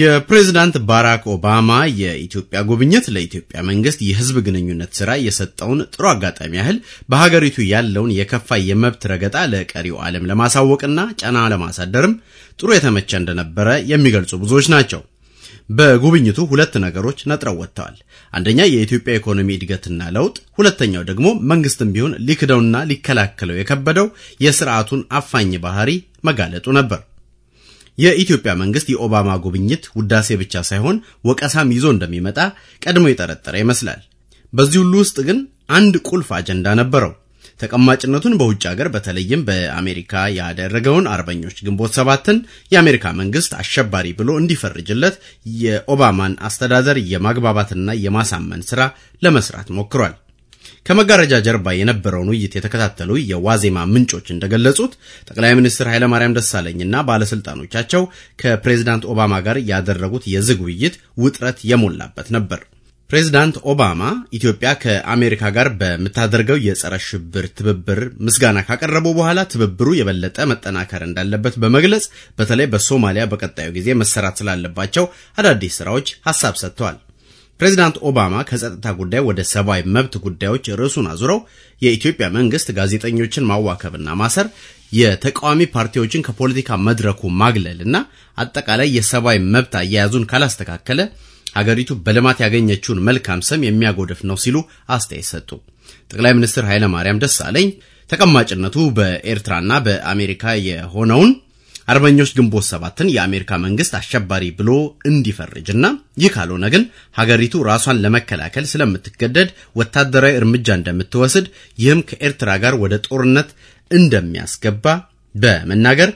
የፕሬዝዳንት ባራክ ኦባማ የኢትዮጵያ ጉብኝት ለኢትዮጵያ መንግስት የህዝብ ግንኙነት ስራ የሰጠውን ጥሩ አጋጣሚ ያህል በሀገሪቱ ያለውን የከፋ የመብት ረገጣ ለቀሪው ዓለም ለማሳወቅና ጫና ለማሳደርም ጥሩ የተመቸ እንደነበረ የሚገልጹ ብዙዎች ናቸው። በጉብኝቱ ሁለት ነገሮች ነጥረው ወጥተዋል። አንደኛ የኢትዮጵያ ኢኮኖሚ እድገትና ለውጥ፣ ሁለተኛው ደግሞ መንግስትም ቢሆን ሊክደውና ሊከላከለው የከበደው የስርዓቱን አፋኝ ባህሪ መጋለጡ ነበር። የኢትዮጵያ መንግስት የኦባማ ጉብኝት ውዳሴ ብቻ ሳይሆን ወቀሳም ይዞ እንደሚመጣ ቀድሞ የጠረጠረ ይመስላል። በዚህ ሁሉ ውስጥ ግን አንድ ቁልፍ አጀንዳ ነበረው። ተቀማጭነቱን በውጭ ሀገር በተለይም በአሜሪካ ያደረገውን አርበኞች ግንቦት ሰባትን የአሜሪካ መንግስት አሸባሪ ብሎ እንዲፈርጅለት የኦባማን አስተዳደር የማግባባትና የማሳመን ስራ ለመስራት ሞክሯል። ከመጋረጃ ጀርባ የነበረውን ውይይት የተከታተሉ የዋዜማ ምንጮች እንደገለጹት ጠቅላይ ሚኒስትር ኃይለማርያም ደሳለኝና ባለስልጣኖቻቸው ከፕሬዝዳንት ኦባማ ጋር ያደረጉት የዝግ ውይይት ውጥረት የሞላበት ነበር። ፕሬዝዳንት ኦባማ ኢትዮጵያ ከአሜሪካ ጋር በምታደርገው የጸረ ሽብር ትብብር ምስጋና ካቀረቡ በኋላ ትብብሩ የበለጠ መጠናከር እንዳለበት በመግለጽ በተለይ በሶማሊያ በቀጣዩ ጊዜ መሰራት ስላለባቸው አዳዲስ ስራዎች ሀሳብ ሰጥተዋል። ፕሬዚዳንት ኦባማ ከጸጥታ ጉዳይ ወደ ሰብአዊ መብት ጉዳዮች ርዕሱን አዙረው የኢትዮጵያ መንግስት ጋዜጠኞችን ማዋከብና ማሰር፣ የተቃዋሚ ፓርቲዎችን ከፖለቲካ መድረኩ ማግለልና አጠቃላይ የሰብአዊ መብት አያያዙን ካላስተካከለ ሀገሪቱ በልማት ያገኘችውን መልካም ስም የሚያጎድፍ ነው ሲሉ አስተያየት ሰጡ። ጠቅላይ ሚኒስትር ኃይለማርያም ደሳለኝ ተቀማጭነቱ በኤርትራና በአሜሪካ የሆነውን አርበኞች ግንቦት ሰባትን የአሜሪካ መንግስት አሸባሪ ብሎ እንዲፈርጅና ይህ ካልሆነ ግን ሀገሪቱ ራሷን ለመከላከል ስለምትገደድ ወታደራዊ እርምጃ እንደምትወስድ ይህም ከኤርትራ ጋር ወደ ጦርነት እንደሚያስገባ በመናገር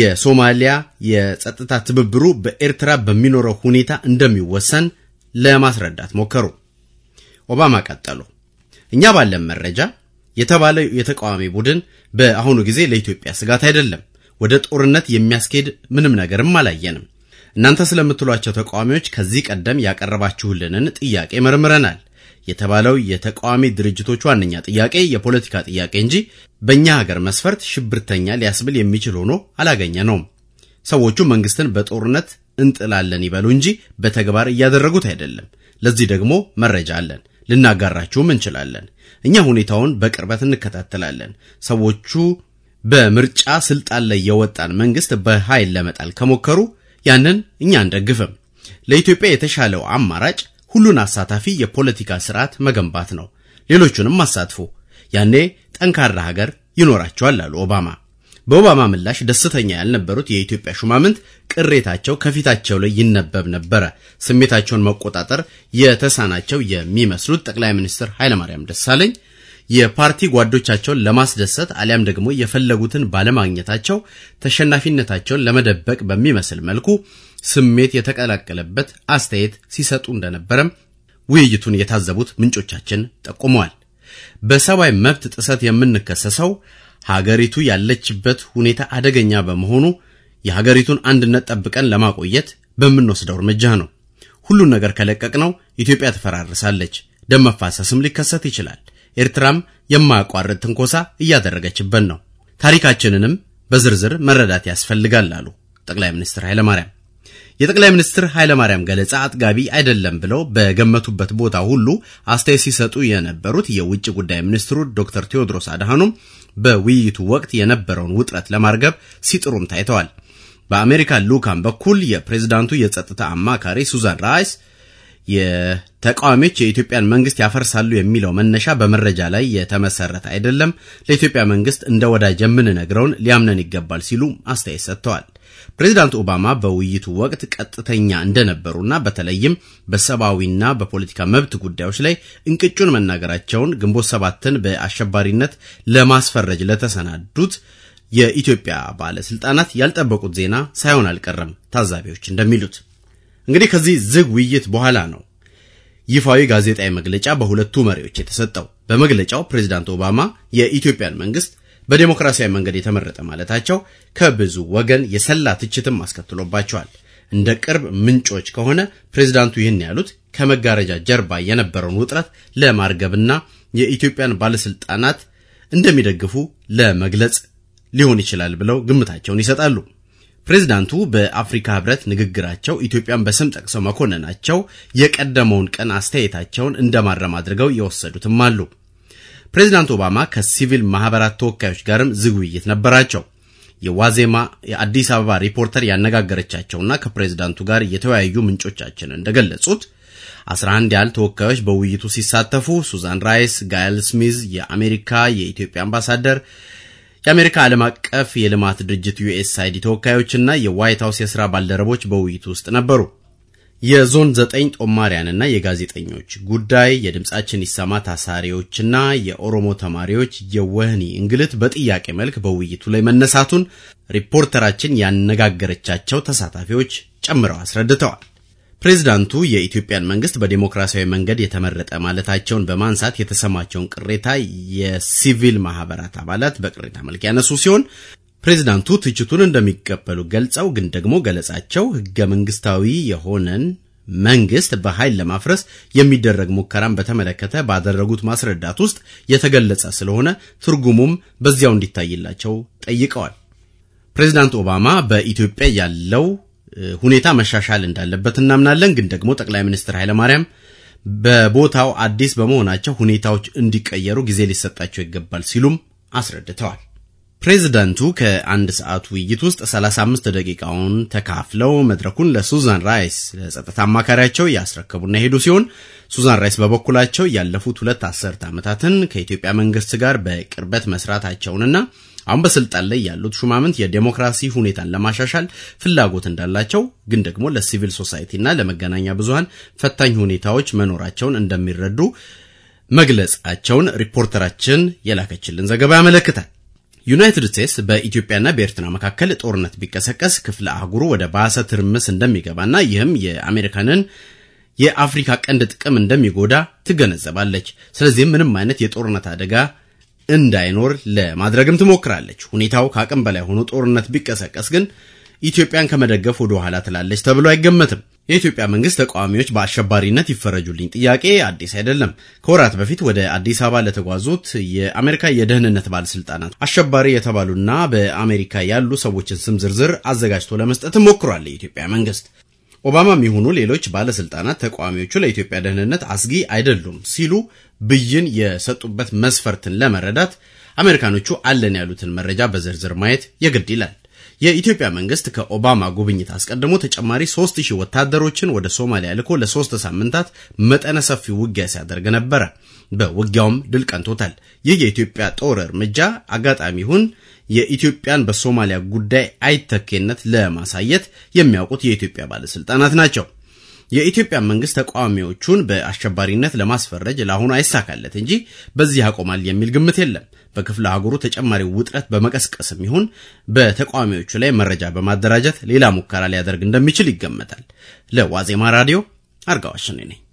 የሶማሊያ የጸጥታ ትብብሩ በኤርትራ በሚኖረው ሁኔታ እንደሚወሰን ለማስረዳት ሞከሩ። ኦባማ ቀጠሉ። እኛ ባለን መረጃ የተባለው የተቃዋሚ ቡድን በአሁኑ ጊዜ ለኢትዮጵያ ስጋት አይደለም። ወደ ጦርነት የሚያስኬድ ምንም ነገርም አላየንም። እናንተ ስለምትሏቸው ተቃዋሚዎች ከዚህ ቀደም ያቀረባችሁልንን ጥያቄ መርምረናል የተባለው የተቃዋሚ ድርጅቶች ዋነኛ ጥያቄ የፖለቲካ ጥያቄ እንጂ በእኛ ሀገር መስፈርት ሽብርተኛ ሊያስብል የሚችል ሆኖ አላገኘ ነውም። ሰዎቹ መንግስትን በጦርነት እንጥላለን ይበሉ እንጂ በተግባር እያደረጉት አይደለም። ለዚህ ደግሞ መረጃ አለን፣ ልናጋራችሁም እንችላለን። እኛ ሁኔታውን በቅርበት እንከታተላለን። ሰዎቹ በምርጫ ስልጣን ላይ የወጣን መንግስት በኃይል ለመጣል ከሞከሩ ያንን እኛ አንደግፍም። ለኢትዮጵያ የተሻለው አማራጭ ሁሉን አሳታፊ የፖለቲካ ስርዓት መገንባት ነው። ሌሎቹንም አሳትፎ ያኔ ጠንካራ ሀገር ይኖራቸዋል አሉ ኦባማ። በኦባማ ምላሽ ደስተኛ ያልነበሩት የኢትዮጵያ ሹማምንት ቅሬታቸው ከፊታቸው ላይ ይነበብ ነበረ። ስሜታቸውን መቆጣጠር የተሳናቸው የሚመስሉት ጠቅላይ ሚኒስትር ኃይለማርያም ደሳለኝ የፓርቲ ጓዶቻቸውን ለማስደሰት አሊያም ደግሞ የፈለጉትን ባለማግኘታቸው ተሸናፊነታቸውን ለመደበቅ በሚመስል መልኩ ስሜት የተቀላቀለበት አስተያየት ሲሰጡ እንደነበረም ውይይቱን የታዘቡት ምንጮቻችን ጠቁመዋል። በሰብአዊ መብት ጥሰት የምንከሰሰው ሀገሪቱ ያለችበት ሁኔታ አደገኛ በመሆኑ የሀገሪቱን አንድነት ጠብቀን ለማቆየት በምንወስደው እርምጃ ነው። ሁሉን ነገር ከለቀቅነው ኢትዮጵያ ትፈራርሳለች፣ ደም መፋሰስም ሊከሰት ይችላል። ኤርትራም የማያቋርጥ ትንኮሳ እያደረገችበት ነው። ታሪካችንንም በዝርዝር መረዳት ያስፈልጋል አሉ ጠቅላይ ሚኒስትር ኃይለማርያም። የጠቅላይ ሚኒስትር ኃይለማርያም ገለጻ አጥጋቢ አይደለም ብለው በገመቱበት ቦታ ሁሉ አስተያየት ሲሰጡ የነበሩት የውጭ ጉዳይ ሚኒስትሩ ዶክተር ቴዎድሮስ አድሃኖም በውይይቱ ወቅት የነበረውን ውጥረት ለማርገብ ሲጥሩም ታይተዋል። በአሜሪካ ልዑካን በኩል የፕሬዝዳንቱ የጸጥታ አማካሪ ሱዛን ራይስ የተቃዋሚዎች የኢትዮጵያን መንግስት ያፈርሳሉ የሚለው መነሻ በመረጃ ላይ የተመሰረተ አይደለም፣ ለኢትዮጵያ መንግስት እንደ ወዳጅ የምንነግረውን ሊያምነን ይገባል ሲሉ አስተያየት ሰጥተዋል። ፕሬዚዳንት ኦባማ በውይይቱ ወቅት ቀጥተኛ እንደነበሩና በተለይም በሰብአዊና በፖለቲካ መብት ጉዳዮች ላይ እንቅጩን መናገራቸውን ግንቦት ሰባትን በአሸባሪነት ለማስፈረጅ ለተሰናዱት የኢትዮጵያ ባለስልጣናት ያልጠበቁት ዜና ሳይሆን አልቀረም። ታዛቢዎች እንደሚሉት እንግዲህ ከዚህ ዝግ ውይይት በኋላ ነው ይፋዊ ጋዜጣዊ መግለጫ በሁለቱ መሪዎች የተሰጠው። በመግለጫው ፕሬዝዳንት ኦባማ የኢትዮጵያን መንግስት በዴሞክራሲያዊ መንገድ የተመረጠ ማለታቸው ከብዙ ወገን የሰላ ትችትም አስከትሎባቸዋል። እንደ ቅርብ ምንጮች ከሆነ ፕሬዝዳንቱ ይህን ያሉት ከመጋረጃ ጀርባ የነበረውን ውጥረት ለማርገብና የኢትዮጵያን ባለስልጣናት እንደሚደግፉ ለመግለጽ ሊሆን ይችላል ብለው ግምታቸውን ይሰጣሉ። ፕሬዝዳንቱ በአፍሪካ ህብረት ንግግራቸው ኢትዮጵያን በስም ጠቅሰው መኮንናቸው የቀደመውን ቀን አስተያየታቸውን እንደማረም አድርገው የወሰዱትም አሉ። ፕሬዝዳንት ኦባማ ከሲቪል ማህበራት ተወካዮች ጋርም ዝግ ውይይት ነበራቸው። የዋዜማ የአዲስ አበባ ሪፖርተር ያነጋገረቻቸውና ከፕሬዝዳንቱ ጋር የተወያዩ ምንጮቻችን እንደገለጹት 11 ያህል ተወካዮች በውይይቱ ሲሳተፉ ሱዛን ራይስ፣ ጋይል ስሚዝ፣ የአሜሪካ የኢትዮጵያ አምባሳደር የአሜሪካ ዓለም አቀፍ የልማት ድርጅት ዩኤስአይዲ ተወካዮችና የዋይት ሀውስ የሥራ ባልደረቦች በውይይቱ ውስጥ ነበሩ። የዞን ዘጠኝ ጦማሪያንና የጋዜጠኞች ጉዳይ፣ የድምፃችን ይሰማ ታሳሪዎችና የኦሮሞ ተማሪዎች የወህኒ እንግልት በጥያቄ መልክ በውይይቱ ላይ መነሳቱን ሪፖርተራችን ያነጋገረቻቸው ተሳታፊዎች ጨምረው አስረድተዋል። ፕሬዝዳንቱ የኢትዮጵያን መንግስት በዴሞክራሲያዊ መንገድ የተመረጠ ማለታቸውን በማንሳት የተሰማቸውን ቅሬታ የሲቪል ማህበራት አባላት በቅሬታ መልክ ያነሱ ሲሆን ፕሬዝዳንቱ ትችቱን እንደሚቀበሉ ገልጸው ግን ደግሞ ገለጻቸው ህገ መንግስታዊ የሆነን መንግስት በኃይል ለማፍረስ የሚደረግ ሙከራን በተመለከተ ባደረጉት ማስረዳት ውስጥ የተገለጸ ስለሆነ ትርጉሙም በዚያው እንዲታይላቸው ጠይቀዋል። ፕሬዚዳንት ኦባማ በኢትዮጵያ ያለው ሁኔታ መሻሻል እንዳለበት እናምናለን። ግን ደግሞ ጠቅላይ ሚኒስትር ኃይለማርያም በቦታው አዲስ በመሆናቸው ሁኔታዎች እንዲቀየሩ ጊዜ ሊሰጣቸው ይገባል ሲሉም አስረድተዋል። ፕሬዚዳንቱ ከአንድ ሰዓት ውይይት ውስጥ 35 ደቂቃውን ተካፍለው መድረኩን ለሱዛን ራይስ ለጸጥታ አማካሪያቸው ያስረከቡና የሄዱ ሲሆን ሱዛን ራይስ በበኩላቸው ያለፉት ሁለት አስርት ዓመታትን ከኢትዮጵያ መንግስት ጋር በቅርበት መስራታቸውንና አሁን በስልጣን ላይ ያሉት ሹማምንት የዴሞክራሲ ሁኔታን ለማሻሻል ፍላጎት እንዳላቸው ግን ደግሞ ለሲቪል ሶሳይቲና ለመገናኛ ብዙሃን ፈታኝ ሁኔታዎች መኖራቸውን እንደሚረዱ መግለጻቸውን ሪፖርተራችን የላከችልን ዘገባ ያመለክታል። ዩናይትድ ስቴትስ በኢትዮጵያና በኤርትራ መካከል ጦርነት ቢቀሰቀስ ክፍለ አህጉሩ ወደ ባሰ ትርምስ እንደሚገባና ይህም የአሜሪካንን የአፍሪካ ቀንድ ጥቅም እንደሚጎዳ ትገነዘባለች። ስለዚህም ምንም አይነት የጦርነት አደጋ እንዳይኖር ለማድረግም ትሞክራለች። ሁኔታው ከአቅም በላይ ሆኖ ጦርነት ቢቀሰቀስ ግን ኢትዮጵያን ከመደገፍ ወደ ኋላ ትላለች ተብሎ አይገመትም። የኢትዮጵያ መንግስት ተቃዋሚዎች በአሸባሪነት ይፈረጁልኝ ጥያቄ አዲስ አይደለም። ከወራት በፊት ወደ አዲስ አበባ ለተጓዙት የአሜሪካ የደህንነት ባለስልጣናት አሸባሪ የተባሉና በአሜሪካ ያሉ ሰዎችን ስም ዝርዝር አዘጋጅቶ ለመስጠት ሞክሯል የኢትዮጵያ መንግስት። ኦባማ የሚሆኑ ሌሎች ባለስልጣናት ተቃዋሚዎቹ ለኢትዮጵያ ደህንነት አስጊ አይደሉም ሲሉ ብይን የሰጡበት መስፈርትን ለመረዳት አሜሪካኖቹ አለን ያሉትን መረጃ በዝርዝር ማየት የግድ ይላል። የኢትዮጵያ መንግስት ከኦባማ ጉብኝት አስቀድሞ ተጨማሪ 3000 ወታደሮችን ወደ ሶማሊያ ልኮ ለሶስት ሳምንታት መጠነ ሰፊ ውጊያ ሲያደርግ ነበረ። በውጊያውም ድል ቀንቶታል። ይህ የኢትዮጵያ ጦር እርምጃ አጋጣሚ ይሁን የኢትዮጵያን በሶማሊያ ጉዳይ አይተኬነት ለማሳየት የሚያውቁት የኢትዮጵያ ባለስልጣናት ናቸው። የኢትዮጵያ መንግስት ተቃዋሚዎቹን በአሸባሪነት ለማስፈረጅ ለአሁኑ አይሳካለት እንጂ በዚህ ያቆማል የሚል ግምት የለም። በክፍለ ሀገሩ ተጨማሪ ውጥረት በመቀስቀስም ይሁን በተቃዋሚዎቹ ላይ መረጃ በማደራጀት ሌላ ሙከራ ሊያደርግ እንደሚችል ይገመታል። ለዋዜማ ራዲዮ አርጋዋሽኔ ነኝ።